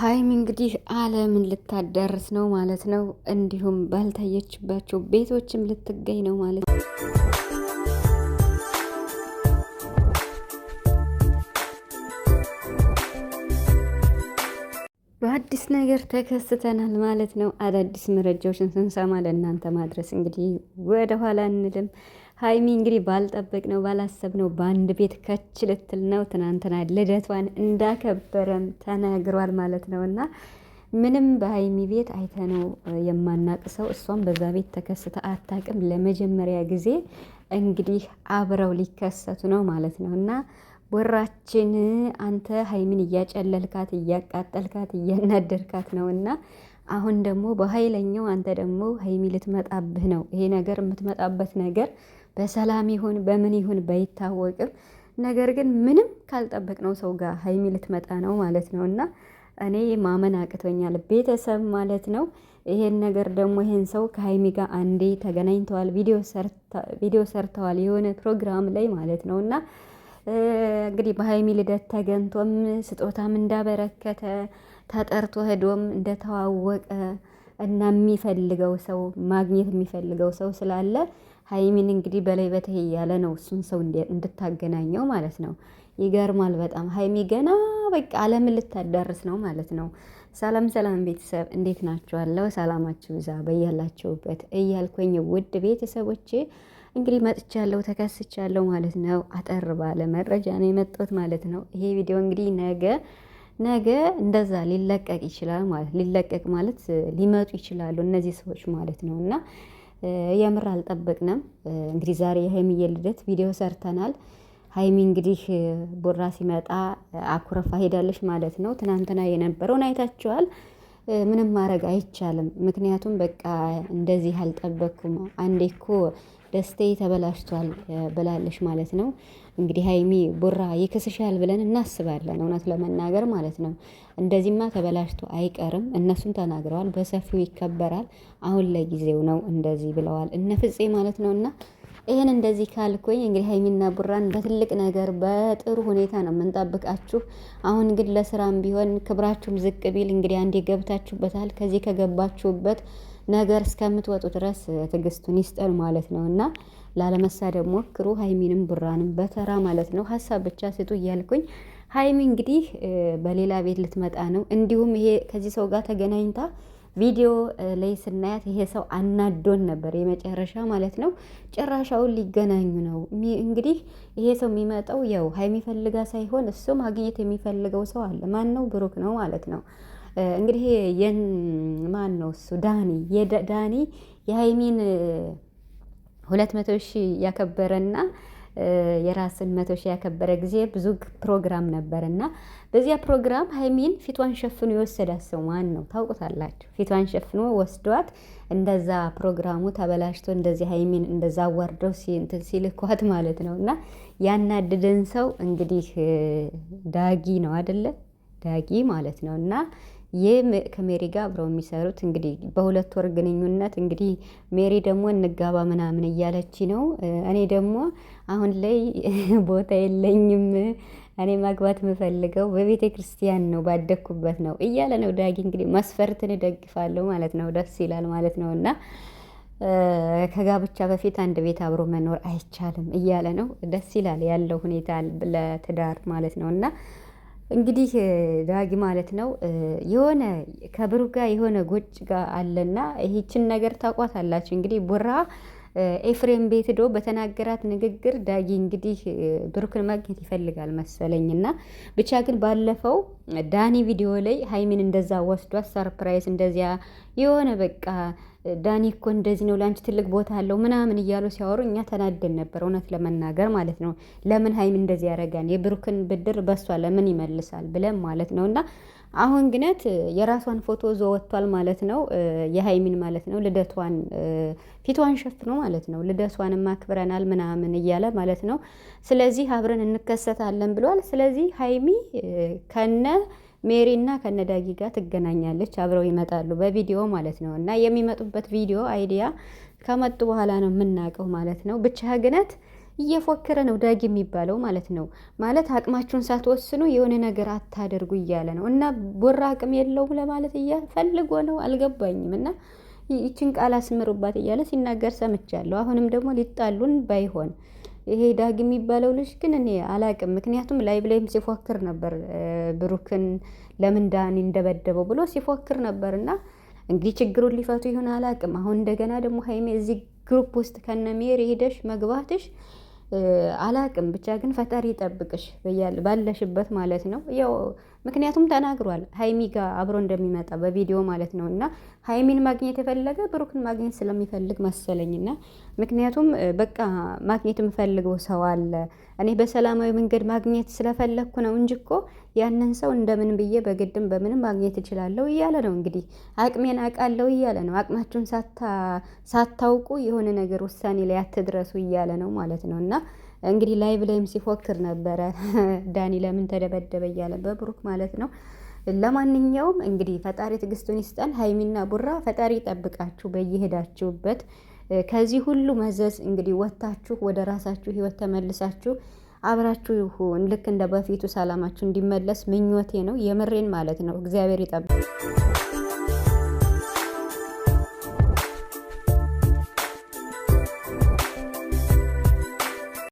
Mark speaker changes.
Speaker 1: ሀይሚ እንግዲህ ዓለምን ልታዳርስ ነው ማለት ነው። እንዲሁም ባልታየችባቸው ቤቶችም ልትገኝ ነው ማለት ነው። በአዲስ ነገር ተከስተናል ማለት ነው። አዳዲስ መረጃዎችን ስንሰማ ለእናንተ ማድረስ እንግዲህ ወደኋላ እንልም። ሀይሚ እንግዲህ ባልጠበቅ ነው ባላሰብ ነው በአንድ ቤት ከች ልትል ነው። ትናንትና ልደቷን እንዳከበረም ተናግሯል ማለት ነው እና ምንም በሀይሚ ቤት አይተነው የማናቅ ሰው እሷም በዛ ቤት ተከስተ አታቅም ለመጀመሪያ ጊዜ እንግዲህ አብረው ሊከሰቱ ነው ማለት ነው እና ወራችን አንተ ሀይሚን እያጨለልካት እያቃጠልካት እያናደርካት ነው እና አሁን ደግሞ በኃይለኛው አንተ ደግሞ ሀይሚ ልትመጣብህ ነው። ይሄ ነገር የምትመጣበት ነገር በሰላም ይሁን በምን ይሁን ባይታወቅም ነገር ግን ምንም ካልጠበቅነው ሰው ጋር ሀይሚ ልትመጣ ነው ማለት ነው እና እኔ ማመን አቅቶኛል። ቤተሰብ ማለት ነው። ይሄን ነገር ደግሞ ይሄን ሰው ከሀይሚ ጋር አንዴ ተገናኝተዋል፣ ቪዲዮ ሰርተዋል የሆነ ፕሮግራም ላይ ማለት ነው እና እንግዲህ በሀይሚ ልደት ተገንቶም ስጦታም እንዳበረከተ ተጠርቶ ሄዶም እንደተዋወቀ እና የሚፈልገው ሰው ማግኘት የሚፈልገው ሰው ስላለ ሀይሚን እንግዲህ በላይ በተይ እያለ ነው እሱን ሰው እንድታገናኘው ማለት ነው። ይገርማል በጣም ሀይሚ ገና በቃ ዓለምን ልታዳርስ ነው ማለት ነው። ሰላም ሰላም ቤተሰብ እንዴት ናችኋለሁ? ሰላማችሁ ይዛ በያላችሁበት እያልኩኝ ውድ ቤተሰቦቼ እንግዲህ መጥቻለሁ ተከስቻለሁ ማለት ነው። አጠር ባለ መረጃ ነው የመጣሁት ማለት ነው። ይሄ ቪዲዮ እንግዲህ ነገ ነገ እንደዛ ሊለቀቅ ይችላል ማለት ሊለቀቅ ማለት ሊመጡ ይችላሉ እነዚህ ሰዎች ማለት ነው እና የምር አልጠበቅንም። እንግዲህ ዛሬ የሀይሚዬ ልደት ቪዲዮ ሰርተናል። ሀይሚ እንግዲህ ቦራ ሲመጣ አኩረፋ ሄዳለች ማለት ነው። ትናንትና የነበረውን አይታችኋል። ምንም ማድረግ አይቻልም። ምክንያቱም በቃ እንደዚህ አልጠበቅኩም። አንዴ እኮ ደስታዬ ተበላሽቷል ብላለች ማለት ነው። እንግዲህ ሀይሚ ቡራ ይክስሻል ብለን እናስባለን፣ እውነት ለመናገር ማለት ነው። እንደዚህማ ተበላሽቶ አይቀርም። እነሱም ተናግረዋል፣ በሰፊው ይከበራል። አሁን ለጊዜው ነው እንደዚህ ብለዋል እነ ፍፄ ማለት ነው። እና ይህን እንደዚህ ካልኩኝ እንግዲህ ሀይሚና ቡራን በትልቅ ነገር በጥሩ ሁኔታ ነው የምንጠብቃችሁ። አሁን ግን ለስራም ቢሆን ክብራችሁም ዝቅ ቢል እንግዲህ አንዴ ገብታችሁበታል። ከዚህ ከገባችሁበት ነገር እስከምትወጡ ድረስ ትዕግስቱን ይስጠን ማለት ነው እና ላለመሳደብ ሞክሩ። ሀይሚንም ቡራንም በተራ ማለት ነው ሀሳብ ብቻ ስጡ እያልኩኝ ሀይሚ እንግዲህ በሌላ ቤት ልትመጣ ነው። እንዲሁም ይሄ ከዚህ ሰው ጋር ተገናኝታ ቪዲዮ ላይ ስናያት ይሄ ሰው አናዶን ነበር የመጨረሻ ማለት ነው። ጭራሻውን ሊገናኙ ነው እንግዲህ ይሄ ሰው የሚመጣው ያው ሀይሚ ፈልጋ ሳይሆን እሱ ማግኘት የሚፈልገው ሰው አለ። ማን ነው? ብሩክ ነው ማለት ነው። እንግዲህ የን ማን ነው እሱ ዳኒ የዳኒ የሀይሚን ሁለት መቶ ሺህ ያከበረና የራስን መቶ ሺህ ያከበረ ጊዜ ብዙ ፕሮግራም ነበር እና በዚያ ፕሮግራም ሀይሚን ፊቷን ሸፍኖ የወሰዳት ሰው ማን ነው ታውቁታላችሁ? ፊቷን ሸፍኖ ወስዷት እንደዛ ፕሮግራሙ ተበላሽቶ እንደዚህ ሀይሚን እንደዛ አዋርደው ሲልኳት ማለት ነው። እና ያናድደን ሰው እንግዲህ ዳጊ ነው አደለ? ዳጊ ማለት ነው እና ይህ ከሜሪ ጋር አብረው የሚሰሩት እንግዲህ በሁለት ወር ግንኙነት እንግዲህ ሜሪ ደግሞ እንጋባ ምናምን እያለች ነው። እኔ ደግሞ አሁን ላይ ቦታ የለኝም፣ እኔ ማግባት የምፈልገው በቤተ ክርስቲያን ነው፣ ባደግኩበት ነው እያለ ነው ዳጊ። እንግዲህ መስፈርትን እደግፋለሁ ማለት ነው። ደስ ይላል ማለት ነው እና ከጋብቻ በፊት አንድ ቤት አብሮ መኖር አይቻልም እያለ ነው። ደስ ይላል ያለው ሁኔታ ለትዳር ማለት ነው እና እንግዲህ ዳጊ ማለት ነው የሆነ ከብሩክ ጋር የሆነ ጎጭ ጋር አለና ይህችን ነገር ታውቋት እንግዲህ ቡራ ኤፍሬም ቤት ዶ በተናገራት ንግግር ዳጊ እንግዲህ ብሩክን ማግኘት ይፈልጋል መሰለኝና ብቻ ግን ባለፈው ዳኒ ቪዲዮ ላይ ሀይሚን እንደዛ ወስዷት ሰርፕራይዝ እንደዚያ የሆነ በቃ ዳኒ እኮ እንደዚህ ነው ለአንቺ ትልቅ ቦታ አለው ምናምን እያሉ ሲያወሩ እኛ ተናደን ነበር፣ እውነት ለመናገር ማለት ነው። ለምን ሀይሚን እንደዚህ ያደርጋል? የብሩክን ብድር በሷ ለምን ይመልሳል ብለን ማለት ነው። እና አሁን ግነት የራሷን ፎቶ ዞ ወጥቷል ማለት ነው፣ የሀይሚን ማለት ነው። ልደቷን ፊቷን ሸፍኖ ማለት ነው፣ ልደቷንም አክብረናል ምናምን እያለ ማለት ነው። ስለዚህ አብረን እንከሰታለን ብሏል። ስለዚህ ሀይሚ ከነ ሜሪና ከነዳጊ ጋር ትገናኛለች። አብረው ይመጣሉ በቪዲዮ ማለት ነው። እና የሚመጡበት ቪዲዮ አይዲያ ከመጡ በኋላ ነው የምናውቀው ማለት ነው። ብቻ ግነት እየፎከረ ነው ዳጊ የሚባለው ማለት ነው። ማለት አቅማችሁን ሳትወስኑ የሆነ ነገር አታደርጉ እያለ ነው። እና ቦራ አቅም የለውም ለማለት እያፈልጎ ነው። አልገባኝም እና ይችን ቃል አስምሩባት እያለ ሲናገር ሰምቻለሁ። አሁንም ደግሞ ሊጣሉን ባይሆን ይሄ ዳግ የሚባለው ልጅ ግን እኔ አላቅም። ምክንያቱም ላይብ ላይም ሲፎክር ነበር ብሩክን ለምን ዳኒ እንደበደበው ብሎ ሲፎክር ነበር። እና እንግዲህ ችግሩን ሊፈቱ ይሆን አላቅም። አሁን እንደገና ደግሞ ሀይሜ እዚህ ግሩፕ ውስጥ ከነሜር ሄደሽ መግባትሽ አላቅም። ብቻ ግን ፈጣሪ ይጠብቅሽ ባለሽበት ማለት ነው። ያው ምክንያቱም ተናግሯል ሀይሚ ጋር አብሮ እንደሚመጣ በቪዲዮ ማለት ነው እና ሀይሚን ማግኘት የፈለገ ብሩክን ማግኘት ስለሚፈልግ መሰለኝና ምክንያቱም በቃ ማግኘት የምፈልገው ሰው አለ እኔ በሰላማዊ መንገድ ማግኘት ስለፈለግኩ ነው እንጂ እኮ ያንን ሰው እንደምን ብዬ በግድም በምንም ማግኘት እችላለሁ እያለ ነው። እንግዲህ አቅሜን አውቃለሁ እያለ ነው። አቅማችሁን ሳታውቁ የሆነ ነገር ውሳኔ ላይ አትድረሱ እያለ ነው ማለት ነው እና እንግዲህ ላይቭ ላይም ሲፎክር ነበረ ዳኒ ለምን ተደበደበ እያለ በብሩክ ማለት ነው። ለማንኛውም እንግዲህ ፈጣሪ ትግስቱን ይስጠን። ሀይሚና ቡራ ፈጣሪ ይጠብቃችሁ በየሄዳችሁበት ከዚህ ሁሉ መዘዝ እንግዲህ ወጥታችሁ ወደ ራሳችሁ ህይወት ተመልሳችሁ አብራችሁ ይሁን። ልክ እንደ በፊቱ ሰላማችሁ እንዲመለስ ምኞቴ ነው። የምሬን ማለት ነው። እግዚአብሔር ይጠብቅ።